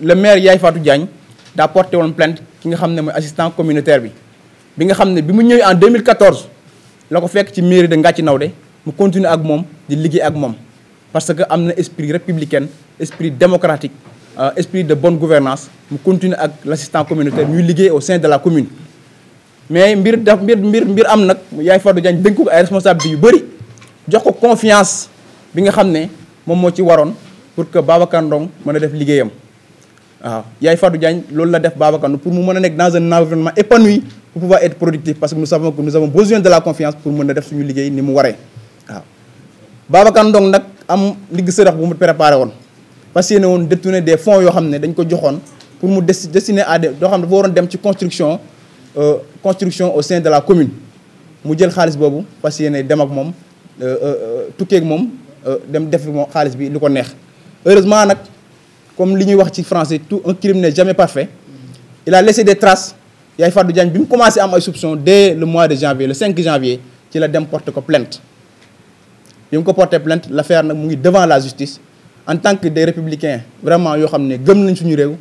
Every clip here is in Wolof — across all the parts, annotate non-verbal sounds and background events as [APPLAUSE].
le maire Yaye Fatou Diagne da porté une plainte qui nga xamné moy assistant communautaire bi bi nga xamné en 2014 lako fekk ci mairie de Ngathie Nawde mu continuer ak mom di liggéey ak mom parce que amna esprit républicain esprit démocratique euh, esprit de bonne gouvernance mu continue ak l'assistant communautaire ñu liguer au sein de la commune mais mbir da mbir mbir mbir am nak Yaye Fatou Diagne dénk ko ay responsabilités yu bari jox ko confiance bi nga xamné mom mo ci pour que Babacar Ndong mën a def liggéeyam waaw ah. Yaay Fatou Diagne loolu la def Babacar pour mu mën a dans un environnement épanoui pour pouvoir être productif parce que nous savons que nous avons besoin de la confiance pour mën a def suñu liggéey ni mu waree donc ah. Babacar Ndong nag am ligg sërax bu mu préparé parce qu'il yéene woon détourner des fonds yoo xam ne dañ ko pour mu destiner à doo xam ne dafa waroon dem ci construction euh, construction au sein de la commune mu jël xaalis boobu parce qu'il yéene dem ak moom euh, euh, tukkeeg moom dem def moom xaalis bi lu neex heureusement comme ligne française, français tout un crime n'est jamais parfait il a laissé des traces Il a commencé à avoir commencé am ay soupçons dès le mois de janvier le 5 janvier qu'il a dem plainte Il a porté plainte l'affaire est devant la justice en tant que des républicains vraiment il a ne comme nañ suñu réew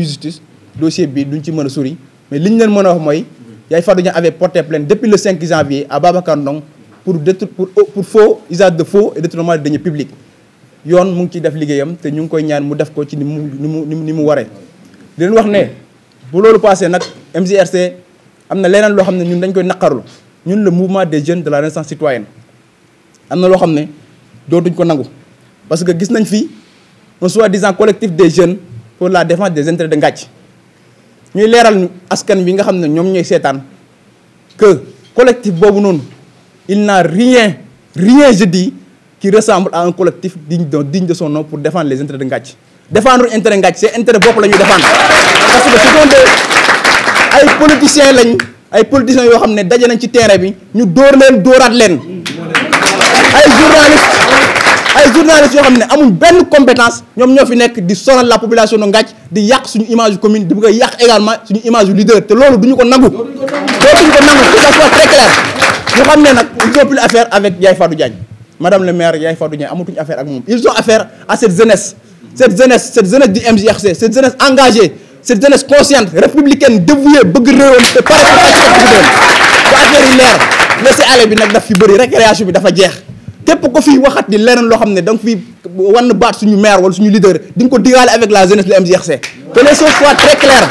justice. nañ dossier est duñ ci mën sori mais li a wax avait porté plainte depuis le 5 janvier à Babacar Ndong pour pour pour faux usage de faux et détournement de deniers publics yon mu ngi def liggéeyam te ñu ngi koy ñaan mu def ko ci ni mu ni mu ni mu waree. di leen wax né bu lolu passé nak MJRC amna na leneen loo xam ñun dañ koy naqarlu ñun le mouvement des jeunes de la Renaissance citoyenne amna lo xamné do ne ko nangu parce que gis nañ fi un soi-disant collectif des jeunes pour la défense des intérêts de ngatch ñuy léral askan bi nga xamné ñom ñoy sétane que collectif bobu non il n'a rien rien je dis qui ressemble à un collectif digne de, son nom pour défendre les intérêts de Ngatch. Défendre les intérêts Ngatch, c'est intérêt beaucoup lañuy défendre. Parce que ce sont des ay politiciens les ay politiciens qui xam ne daje nañ ci terrain bi ñu dóor leen Les journalistes, ay journalistes ay journalistes yoo xam ne amuñ compétence nous ñoo fi nekk di la population de Ngatch di yàq suñu image commune di bëgg également sur également suñu image leader te loolu duñu ko nangu. C'est ko nangu ça soit très clair ñu avons ne nag affaire avec Yaye Fadou Diagne madame le maire il y a une affaire avec nous. ils ont affaire à cette jeunesse cette jeunesse cette jeunesse du MJRC cette jeunesse engagée cette jeunesse consciente républicaine dévouée bëgg réewam te la ba affaire yi maire. aller bi nag daf fi bëri récréation bi dafa jeex képp ko fi waxat ni leneen dit xam ne da nga fi wan baat suñu maire ou suñu leader di nga ko avec la jeunesse du MJRC que les choses soient très claires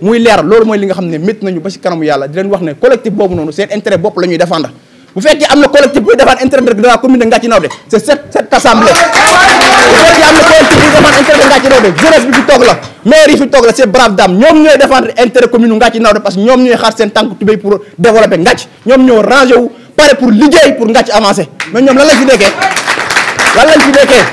muy leer loolu mooy li nga xam ne métti nañu ba ci kanamu yàlla di wax ne collectif boobu noonu seen intérêt bopp la ñuy défendre bu fekkee am na collectif buy défendre intérêt de la commune de na collectif de Ngathie bi fi toog la maire fi toog la ces braves dames ñoom ñooy défendre intérêt commune Ngathie Nawde parce que ñoom ñooy xaar seen tànk tubéy pour développer Ngathie ñoom ñoo rangé pare pour liggéey pour Ngathie avancer mais ñoom lan fi nekkee lan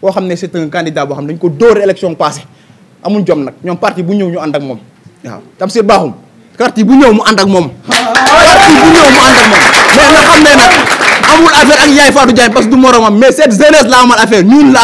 boo xam ne c'est un candidat boo xam ne dañ ko dóor élection passée amuñ jom nag ñoom parti bu ñëw ñu ànd ak moom waaw Tamsir Bakhoum parti bu ñëw mu ànd ak moom [LAUGHS] parti bu ñëw mu ànd ak moom mais nga xam ne nag amul affaire ak Yaay Fatou Diagne parce que du moromam mais cette jeunesse la amal affaire ñun la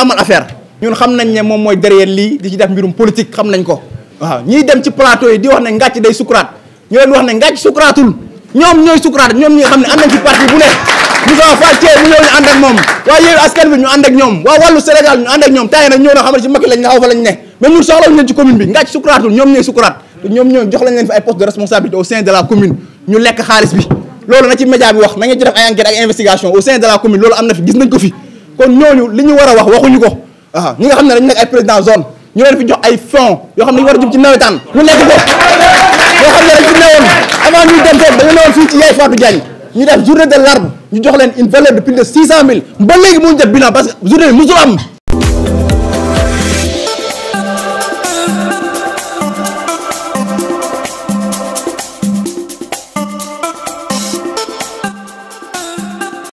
amal affaire ñun xam nañ ne moom mooy derrière lii di ci def mbirum politique xam nañ ko waaw ñiy dem ci plateau yi di wax ne ngàcc day sukuraat ñu leen wax ne ngàcc sukuraatul ñoom ñooy sukuraat ñoom ñi nga xam ne am nañ Moussa Fall Thiel mu ñëw ñu ànd ak moom waa yéen askan bi ñu ànd ak ñoom waa wàllu Sénégal ñu ànd ak ñoom taay nag ñëw na xamal ci Macky lañ na xaw fa lañ ne mais ñun soxla ñu leen ci commune bi ngaaj sukuraatul ñoom ñooy sukuraat ñoom ñoo jox lañ leen fi ay poste de responsabilité au sein de la commune ñu lekk xaalis bi loolu na ci média bi wax na ngeen ci def ay enquête ak investigation au sein de la commune loolu am na fi gis nañ ko fi kon ñooñu li ñu war a wax waxuñu ko waaw ñi nga xam ne dañ nekk ay président zone ñu leen fi jox ay fonds yoo xam ne ñu war a jëm ci nawetaan ñu lekk ko yoo xam ne dañ ci newoon avant ñuy dem dañu newoon fii ci Yaay Fatou Diagne ñu def journée de l'arbre ñu jox leen une valeur de plus de six cent mille ba léegi mu jot bilan parce que journée bi musul am